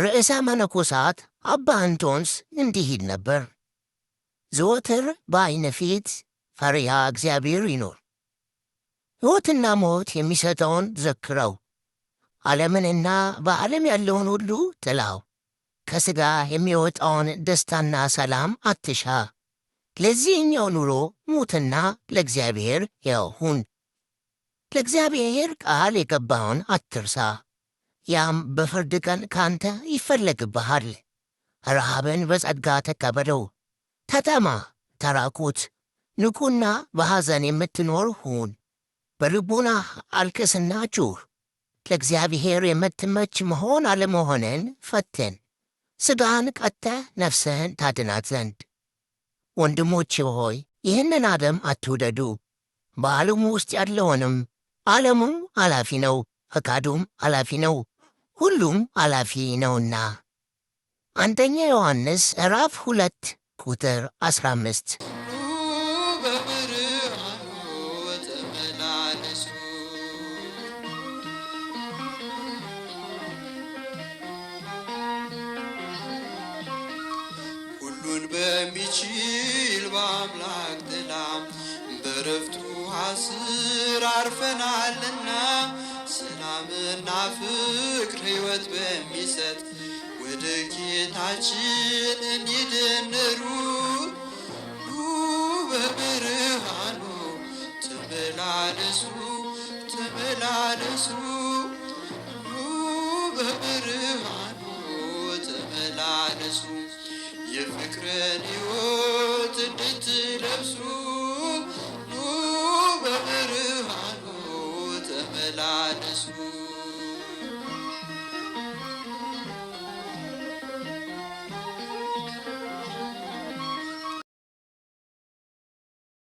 ርዕሰ መነኮሳት አባ አንቶንስ እንዲህ ይል ነበር፣ ዘወትር በዐይነ ፊት ፈሪሃ እግዚአብሔር ይኖር። ሕይወትና ሞት የሚሰጠውን ዘክረው፣ ዓለምንና በዓለም ያለውን ሁሉ ጥላው። ከሥጋ የሚወጣውን ደስታና ሰላም አትሻ። ለዚህኛው ኑሮ ሙትና ለእግዚአብሔር ሕያው ሁን። ለእግዚአብሔር ቃል የገባውን አትርሳ። ያም በፍርድ ቀን ካንተ ይፈለግብሃል። ረሃብን በጸጋ ተቀበለው። ተጠማ፣ ተራቁት፣ ንቁና በሐዘን የምትኖር ሁን። በልቡና አልቅስና ለእግዚአብሔር የምትመች መሆን አለመሆንን ፈትን፣ ሥጋን ቀጥተ ነፍስህን ታድናት ዘንድ። ወንድሞች ሆይ ይህንን ዓለም አትውደዱ። በዓለሙ ውስጥ ያለውንም ዓለሙም አላፊ ነው፣ ፈቃዱም አላፊ ነው። ሁሉም አላፊ ነውና። አንደኛ ዮሐንስ ምዕራፍ ሁለት ቁጥር አስራ አምስት ሁሉን በሚችል በአምላክ ጥላ በረፍቱ ሐስር አርፈናልና ሰላምና ፍቅር ሕይወት በሚሰጥ ወደ ጌታችን እንዲደነሩ ኑ በብርሃኑ ተመላለሱ ተመላለሱ ኑ በብርሃኑ ተመላለሱ የፍቅርን ሕይወት እንድትለብሱ ተመላለሱ።